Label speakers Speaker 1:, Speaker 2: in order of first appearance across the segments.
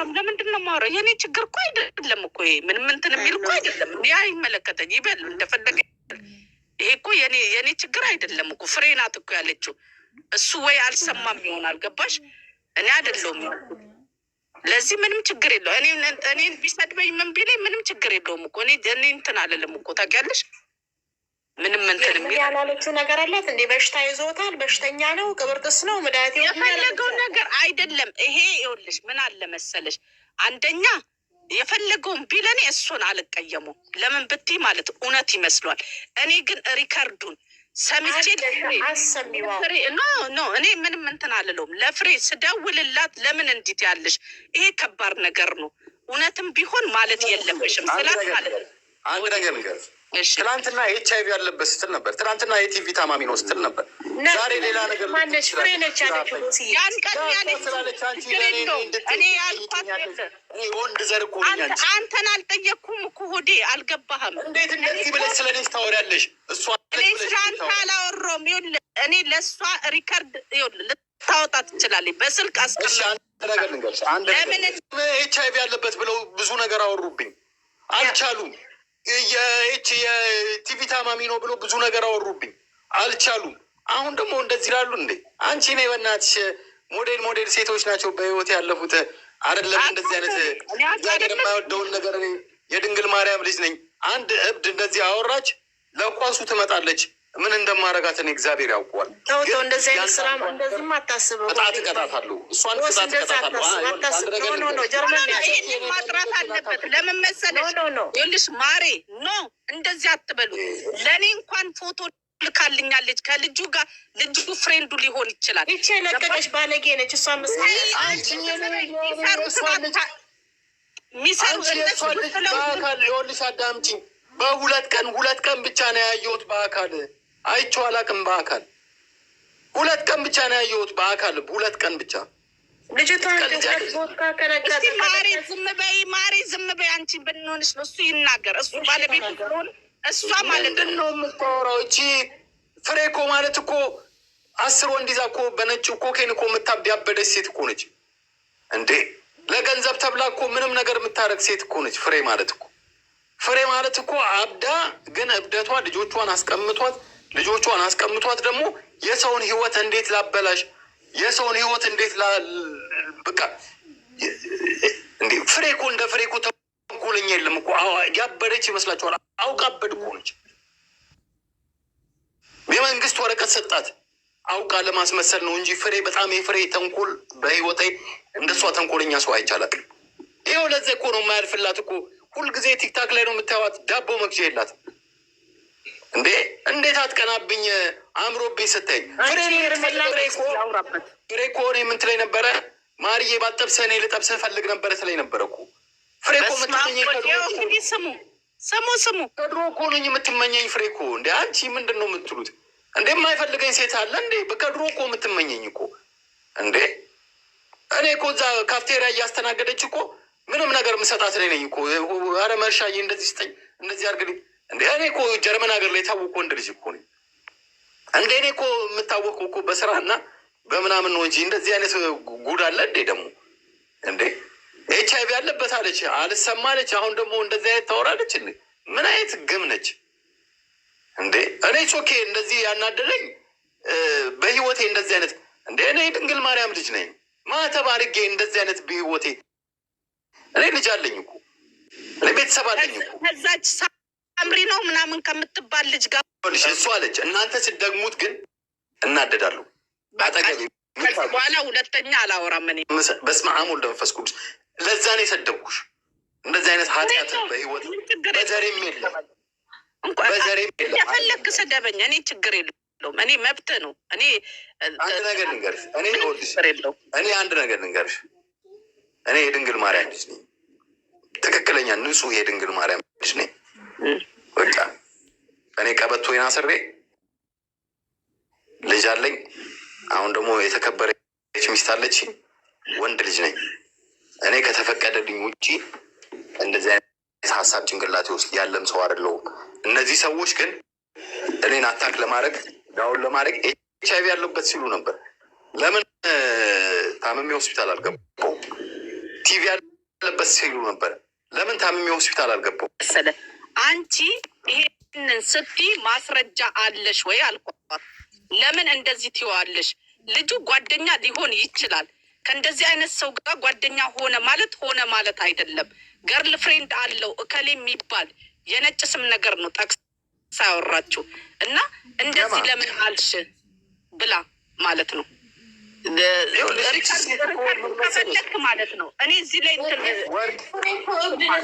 Speaker 1: አልገባም። ለምንድን ነው የማወራው? የኔ ችግር እኮ አይደለም እኮ ምንም እንትን የሚል እኮ አይደለም። ያ ይመለከተኝ ይበል እንደፈለገ። ይሄ እኮ የኔ የኔ ችግር አይደለም እኮ ፍሬ ናት እኮ ያለችው። እሱ ወይ አልሰማም ይሆን አልገባሽ። እኔ አይደለሁም። ለዚህ ምንም ችግር የለው። እኔ እኔን ቢሰድበኝ ምን ቢለኝ ምንም ችግር የለውም እኮ እኔ እኔ እንትን አልልም እኮ ታውቂያለሽ። ምንም እንትን
Speaker 2: ያላለችው ነገር አላት እንዴ? በሽታ ይዞታል፣ በሽተኛ ነው፣ ቅብርጥስ ነው፣ መድኃኒት
Speaker 1: የፈለገው ነገር አይደለም። ይሄ ይኸውልሽ ምን አለ መሰለሽ፣ አንደኛ የፈለገውን ቢለኔ እሱን አልቀየሙ። ለምን ብትይ ማለት እውነት ይመስሏል። እኔ ግን ሪከርዱን ሰምቼ ኖ ኖ እኔ ምንም እንትን አልለውም። ለፍሬ ስደውልላት ለምን እንዲት ያለሽ ይሄ ከባድ ነገር ነው፣ እውነትም ቢሆን ማለት የለበሽም
Speaker 3: ስላት ማለት ነው አንድ ነገር ንገር ትናንትና ኤች አይቪ ያለበት ስትል ነበር። ትናንትና የቲቪ ታማሚ ነው ስትል ነበር።
Speaker 2: ዛሬ ሌላ ነገር
Speaker 3: ወንድ ዘር እኮ
Speaker 1: አንተን አልጠየቅኩም እኮ ሆዴ አልገባህም።
Speaker 3: እንዴት እንደዚህ ብለሽ ስለ እኔ ታወሪያለሽ? እሷ ስለ
Speaker 1: አንተ አላወራሁም። ይኸውልህ እኔ ለእሷ ሪከርድ ይኸውልህ ታወጣ ትችላለች። በስልክ
Speaker 3: አስቀምጥ። ለምን ኤች አይቪ ያለበት ብለው ብዙ ነገር አወሩብኝ፣ አልቻሉም የቲቪ ታማሚ ነው ብሎ ብዙ ነገር አወሩብኝ፣ አልቻሉም። አሁን ደግሞ እንደዚህ ላሉ እንዴ አንቺ ነ በእናትሽ ሞዴል ሞዴል ሴቶች ናቸው በህይወት ያለፉት አይደለም። እንደዚህ አይነት እግዚአብሔር የማይወደውን ነገር የድንግል ማርያም ልጅ ነኝ። አንድ እብድ እንደዚህ አወራች ለኳሱ ትመጣለች። ምን እንደማረጋት እኔ እግዚአብሔር ያውቀዋል።
Speaker 1: ተውተው እንደዚህ አይነት ስራ እንደዚህም አታስበው። ቅጣት
Speaker 3: እቀጣታለሁ፣ እሷን ቅጣት
Speaker 1: እቀጣታለሁ። ይህን ማጥራት አለበት። ለምን መሰለሽ? ይኸውልሽ ማሬ ኖ እንደዚህ አትበሉ። ለእኔ እንኳን ፎቶ ልካልኛለች ከልጁ ጋር ልጁ ፍሬንዱ ሊሆን ይችላል። ይቺ
Speaker 2: የለቀቀች ባለጌ ነች። እሷ ምስሉ
Speaker 1: ሚሰሩ ስለሆን
Speaker 3: ይኸውልሽ፣ አዳምጪኝ። በሁለት ቀን ሁለት ቀን ብቻ ነው ያየሁት በአካል አይቼው አላውቅም በአካል ሁለት ቀን ብቻ ነው ያየሁት በአካል ሁለት ቀን ብቻ
Speaker 2: ልጅቷ
Speaker 1: ማሬ ዝም በይ ማሬ ዝም በይ አንቺ ብንሆንሽ እሱ ይናገር እሱ ባለቤት ስለሆን እሷ ማለት
Speaker 3: ነው የምታወራው እቺ ፍሬ እኮ ማለት እኮ አስር ወንድ ይዛ እኮ በነጭ ኮኬን እኮ የምታቢያበደች ሴት እኮ ነች እንዴ ለገንዘብ ተብላ እኮ ምንም ነገር የምታደርግ ሴት እኮ ነች ፍሬ ማለት እኮ ፍሬ ማለት እኮ አብዳ ግን እብደቷ ልጆቿን አስቀምጧት ልጆቿን አስቀምጧት ደግሞ የሰውን ህይወት እንዴት ላበላሽ፣ የሰውን ህይወት እንዴት በቃ ፍሬ እኮ እንደ ፍሬ እኮ ተንኮለኛ የለም እኮ ያበደች ይመስላችኋል? አውቃ አበድ እኮ ነች። የመንግስት ወረቀት ሰጣት አውቃ ለማስመሰል ነው እንጂ ፍሬ በጣም የፍሬ ተንኮል በህይወቴ እንደሷ ተንኮለኛ ሰው አይቻላትም። ይኸው ለዚ እኮ ነው የማያልፍላት እኮ ሁልጊዜ ቲክታክ ላይ ነው የምታዩት። ዳቦ መግዣ የላትም። እንዴ እንዴት አትቀናብኝ? አእምሮብኝ ስታይ ፍሬ እኮ እኔ ምን ትለኝ ነበረ? ማርዬ ባጠብሰ እኔ ልጠብሰ ፈልግ ነበረ ትለኝ ነበረ እኮ
Speaker 1: ፍሬ እኮ የምትመኘኝ ስሙ ስሙ ስሙ
Speaker 3: ከድሮ እኮ ነኝ የምትመኘኝ ፍሬ እኮ እንደ አንቺ ምንድን ነው የምትሉት? እንዴ የማይፈልገኝ ሴት አለ እንዴ? ከድሮ እኮ የምትመኘኝ እኮ እንዴ እኔ እኮ እዛ ካፍቴሪያ እያስተናገደች እኮ ምንም ነገር የምሰጣት ላይ ነኝ እኮ። ኧረ መርሻዬ እንደዚህ ስጠኝ እንደዚህ አድርግልኝ እንደ እኔ እኮ ጀርመን ሀገር ላይ የታወቅ ወንድ ልጅ እኮ ነኝ። እንደ እኔ እኮ የምታወቀው እኮ በስራና በምናምን ነው እንጂ እንደዚህ አይነት ጉድ አለ እንዴ? ደግሞ እንዴ ኤች አይቪ አለበት አለች አልሰማ አለች። አሁን ደግሞ እንደዚህ አይነት ታወራለች። ምን አይነት ግም ነች እንዴ? እኔ ጮኬ እንደዚህ ያናደረኝ በህይወቴ እንደዚህ አይነት እንደ እኔ ድንግል ማርያም ልጅ ነኝ። ማተብ አድርጌ እንደዚህ አይነት በህይወቴ እኔ ልጅ አለኝ እኮ እኔ ቤተሰብ አለኝ እኮ
Speaker 1: አምሪ ነው ምናምን ከምትባል ልጅ ጋር
Speaker 3: እሱ አለች። እናንተ ስደግሙት ግን እናደዳለሁ።
Speaker 1: በኋላ ሁለተኛ አላወራም። እኔ
Speaker 3: በስመ አብ ወወልድ ወመንፈስ ቅዱስ። ለዛ ነው የሰደብኩሽ። እንደዚህ አይነት ኃጢአት በህይወት በዘሬም የለም
Speaker 1: በዘሬም የለም። የፈለክ ስደበኝ፣ እኔ ችግር የለውም። እኔ መብት ነው። እኔ
Speaker 3: አንድ ነገር ንገርሽ፣ እኔ እኔ አንድ ነገር ንገርሽ፣ እኔ የድንግል ማርያም ልጅ ነኝ። ትክክለኛ ንጹህ የድንግል ማርያም ልጅ ነኝ። በቃ እኔ ቀበቶ አስሬ ልጅ አለኝ። አሁን ደግሞ የተከበረች ሚስት አለች። ወንድ ልጅ ነኝ እኔ። ከተፈቀደልኝ ውጭ እንደዚህ አይነት ሀሳብ ጭንቅላቴ ውስጥ ያለም ሰው አይደለሁም። እነዚህ ሰዎች ግን እኔን አታክ ለማድረግ ዳውን ለማድረግ ኤች አይቪ ያለበት ሲሉ ነበር። ለምን ታምሜ ሆስፒታል አልገባሁም? ቲቪ ያለበት ሲሉ ነበር። ለምን ታምሜ ሆስፒታል
Speaker 1: አልገባሁም? አንቺ ይሄንን ስትይ ማስረጃ አለሽ ወይ አልኳት። ለምን እንደዚህ ትይዋለሽ? ልጁ ጓደኛ ሊሆን ይችላል። ከእንደዚህ አይነት ሰው ጋር ጓደኛ ሆነ ማለት ሆነ ማለት አይደለም። ገርል ፍሬንድ አለው እከሌ የሚባል የነጭ ስም ነገር ነው ጠቅሳ ያወራችው እና እንደዚህ ለምን አልሽ ብላ ማለት ነው። ከፈለክ ማለት ነው።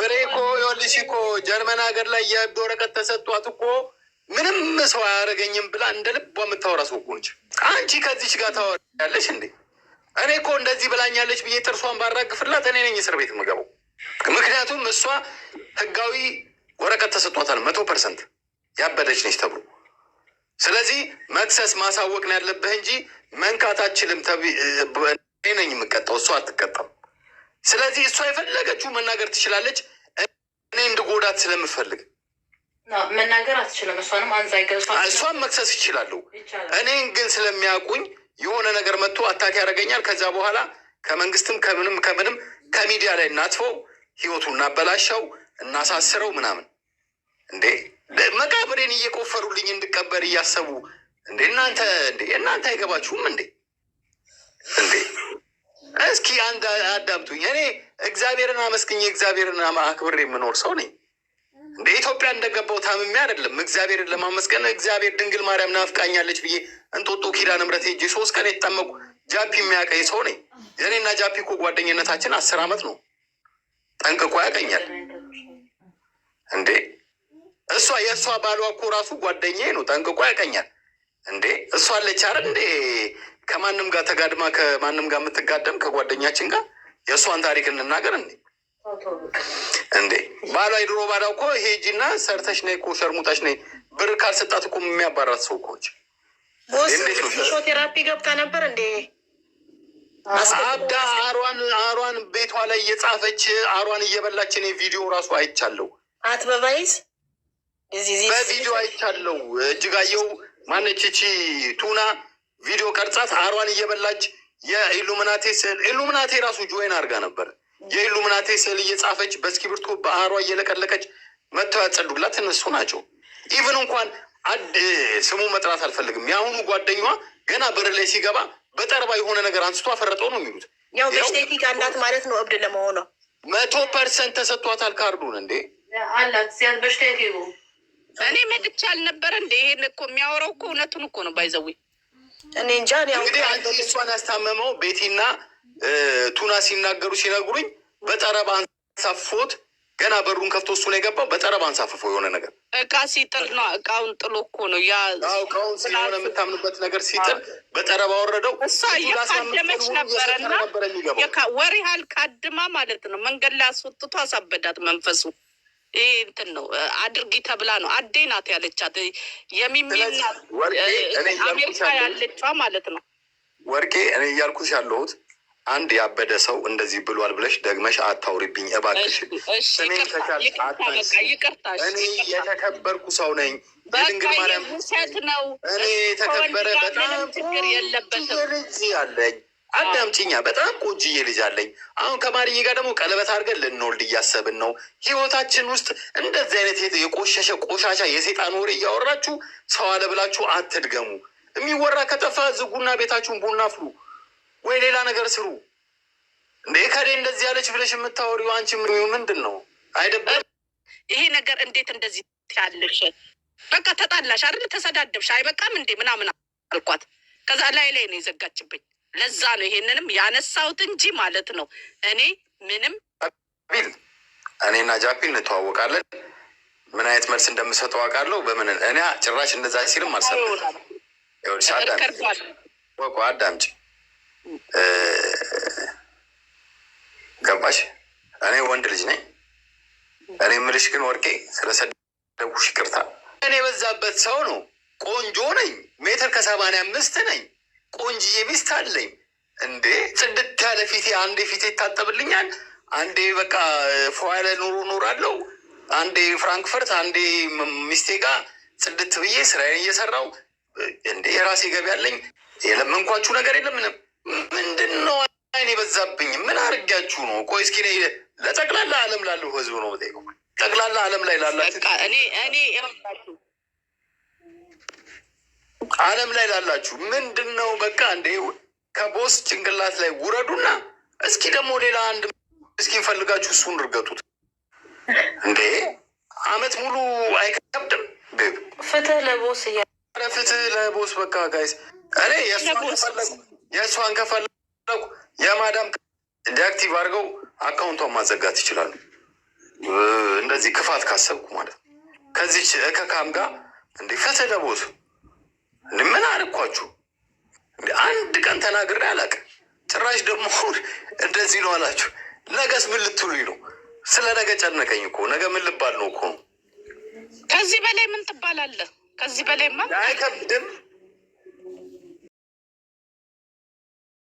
Speaker 3: ፍሬ እኮ ይኸውልሽ እኮ ጀርመን ሀገር ላይ የህግ ወረቀት ተሰጥቷት እኮ ምንም ሰው አያደርገኝም ብላ እንደ ልቧ የምታወራ ሰው እኮ ነች። አንቺ ከዚች ጋር ታወራለሽ እንዴ? እኔ እኮ እንደዚህ ብላኛለች ብዬ ጥርሷን ባራግፍላት እኔ ነኝ እስር ቤት የምገባው። ምክንያቱም እሷ ህጋዊ ወረቀት ተሰጥቷታል። መቶ ፐርሰንት ያበደች ነች ተብሎ ስለዚህ መክሰስ ማሳወቅ ነው ያለብህ እንጂ መንካት አችልም። ነኝ የምቀጣው፣ እሷ አትቀጣም። ስለዚህ እሷ የፈለገችው መናገር ትችላለች። እኔ እንድጎዳት ስለምፈልግ
Speaker 1: መናገር አትችልም።
Speaker 3: እሷን መክሰስ ይችላለሁ። እኔን ግን ስለሚያውቁኝ የሆነ ነገር መጥቶ አታክ ያደርገኛል። ከዛ በኋላ ከመንግስትም ከምንም ከምንም ከሚዲያ ላይ እናጥፈው፣ ህይወቱ እናበላሸው፣ እናሳስረው ምናምን እንዴ መቃብሬን እየቆፈሩልኝ እንድቀበር እያሰቡ እንዴ እናንተ እንዴ እናንተ አይገባችሁም እንዴ እንዴ እስኪ አንድ አዳምጡኝ። እኔ እግዚአብሔርን አመስግኝ እግዚአብሔርን አክብር የምኖር ሰው ነኝ። እንደ ኢትዮጵያ እንደገባው ታምሜ አይደለም እግዚአብሔርን ለማመስገን እግዚአብሔር ድንግል ማርያም ናፍቃኛለች ብዬ እንጦጦ ኪዳነ ምሕረት ሄጄ ሶስት ቀን የተጠመቁ ጃፒ የሚያቀኝ ሰው ነኝ። እኔና ጃፒ እኮ ጓደኝነታችን አስር አመት ነው። ጠንቅቆ ያቀኛል እንዴ እሷ የእሷ ባሏ እኮ ራሱ ጓደኛዬ ነው፣ ጠንቅቆ ያቀኛል። እንዴ እሷ አለች አይደል እንዴ ከማንም ጋር ተጋድማ ከማንም ጋር የምትጋደም ከጓደኛችን ጋር የእሷን ታሪክ እንናገር እንዴ? እንዴ ባሏ የድሮ ባሏ እኮ ሄጂና ሰርተሽ ነይ እኮ ሸርሙጣሽ ነይ ብር ካልሰጣት እኮ የሚያባራት ሰው እኮች
Speaker 1: ቴራፒ ገብታ ነበር እንዴ
Speaker 3: አዳ አሯን አሯን ቤቷ ላይ እየጻፈች አሯን እየበላችን ቪዲዮ ራሱ አይቻለሁ
Speaker 1: አትበባይስ
Speaker 3: በቪዲዮ አይቻለው። እጅጋየው ማነች ይቺ ቱና ቪዲዮ ቀርጻት አሯን እየበላች የኢሉሚናቴ ስዕል ኢሉሚናቴ ራሱ ጆይን አድርጋ ነበር። የኢሉሚናቴ ስዕል እየጻፈች በእስክሪብቶ በአሯ እየለቀለቀች መጥተው ያጸዱላት እነሱ ናቸው። ኢቭን እንኳን አድ ስሙ መጥራት አልፈልግም። የአሁኑ ጓደኛዋ ገና በር ላይ ሲገባ በጠርባ የሆነ ነገር አንስቶ አፈረጠው ነው የሚሉት።
Speaker 1: ያው በሽቴቲ ጋንዳት ማለት ነው። እብድ ለመሆኗ
Speaker 3: መቶ ፐርሰንት ተሰጥቷታል። ካርዱን እንዴ
Speaker 2: አላት ሲያዝ በሽቴቲ
Speaker 1: እኔ መጥቼ አልነበረ እንደ ይሄን እኮ የሚያወራው እኮ እውነቱን እኮ ነው። ባይዘዊ እኔ እንጃ። እንግዲህ
Speaker 3: አንተ እሷን ያስታመመው ቤቲና ቱና ሲናገሩ ሲነግሩኝ በጠረብ አንሳፎት ገና በሩን ከፍቶ እሱ ነው የገባው። በጠረብ አንሳፍፎ የሆነ
Speaker 1: ነገር እቃ ሲጥል ነው። እቃውን ጥሎ እኮ ነው
Speaker 3: ያ እቃውን ሲሆነ የምታምንበት ነገር ሲጥል በጠረብ
Speaker 1: አወረደው። እሷ የካደመች ነበረና ወሬ ያህል ካድማ ማለት ነው። መንገድ ላይ አስወጥቶ አሳበዳት መንፈሱ ይህ እንትን ነው አድርጊ ተብላ ነው። አዴ ናት ያለቻት የሚሚና አሜሪካ ያለቿ ማለት
Speaker 3: ነው። ወርቄ እኔ እያልኩሽ ያለሁት አንድ ያበደ ሰው እንደዚህ ብሏል ብለሽ ደግመሽ አታውሪብኝ እባክሽ። እኔ የተከበርኩ ሰው ነኝ።
Speaker 1: የድንግል ማርያም ውሸት
Speaker 3: ነው። እኔ የተከበረ በጣም ችግር የለበትም አለኝ አዳምጪኛ በጣም ቆንጅዬ ልጅ አለኝ። አሁን ከማርዬ ጋር ደግሞ ቀለበት አድርገን ልንወልድ እያሰብን ነው። ህይወታችን ውስጥ እንደዚህ አይነት የቆሸሸ ቆሻሻ የሴጣን ወሬ እያወራችሁ ሰው አለ ብላችሁ አትድገሙ። የሚወራ ከጠፋ ዝጉና ቤታችሁን ቡና አፍሉ ወይ ሌላ ነገር ስሩ። እንደ ከዴ እንደዚህ ያለች ብለሽ የምታወሪው አንቺ ምንድን ነው? አይደበር
Speaker 1: ይሄ ነገር እንዴት እንደዚህ ያለሽ? በቃ ተጣላሽ አይደል? ተሰዳደብሽ አይበቃም እንዴ ምናምን አልኳት። ከዛ ላይ ላይ ነው የዘጋችብኝ። ለዛ ነው ይሄንንም ያነሳሁት እንጂ ማለት ነው። እኔ ምንም
Speaker 3: እኔና ጃፒል እንተዋወቃለን። ምን አይነት መልስ እንደምሰጠው አውቃለሁ። በምን እኔ ጭራሽ እንደዛ ሲልም አልሰማሁም። አዳምጪ ገባሽ? እኔ ወንድ ልጅ ነኝ። እኔ ምልሽ ግን ወርቄ ስለሰደቡሽ ይቅርታ። እኔ የበዛበት ሰው ነው። ቆንጆ ነኝ። ሜትር ከሰማንያ አምስት ነኝ። ቆንጅዬ ሚስት አለኝ እንዴ ጽድት ያለ ፊቴ፣ አንዴ ፊቴ ይታጠብልኛል፣ አንዴ በቃ ፏ ያለ ኑሮ ኖራለሁ፣ አንዴ ፍራንክፈርት፣ አንዴ ሚስቴ ጋር ጽድት ብዬ ስራዬን እየሰራው እንዴ የራሴ ገቢ ያለኝ። የለመንኳችሁ ነገር የለምንም። ምንድን ነው አይን የበዛብኝ? ምን አርጊያችሁ ነው? ቆይ እስኪ ለጠቅላላ አለም ላለው ህዝብ ነው ጠቅላላ አለም ላይ
Speaker 1: ላላችሁ እኔ እኔ
Speaker 3: ዓለም ላይ ላላችሁ ምንድን ነው በቃ እንደ ከቦስ ጭንቅላት ላይ ውረዱና እስኪ ደግሞ ሌላ አንድ እስኪ እንፈልጋችሁ እሱን እርገጡት። እንዴ አመት ሙሉ
Speaker 1: አይከብድም። ፍትህ ለቦስ እያ
Speaker 3: ፍትህ ለቦስ በቃ ጋይስ፣ እኔ የእሷን ከፈለጉ የማዳም ዲአክቲቭ አድርገው አካውንቷን ማዘጋት ይችላሉ። እንደዚህ ክፋት ካሰብኩ ማለት ነው ከዚች እከካም ጋር እንዴ ፍትህ ለቦስ ምን አልኳችሁ? አንድ ቀን ተናግሬ አላውቅም። ጭራሽ ደግሞ እንደዚህ ነው አላችሁ። ነገስ ምን ልትሉኝ ነው? ስለ ነገ ጨነቀኝ እኮ። ነገ ምን ልባል ነው እኮ። ነው።
Speaker 1: ከዚህ በላይ ምን ትባላለህ? ከዚህ በላይ ማ አይከብድም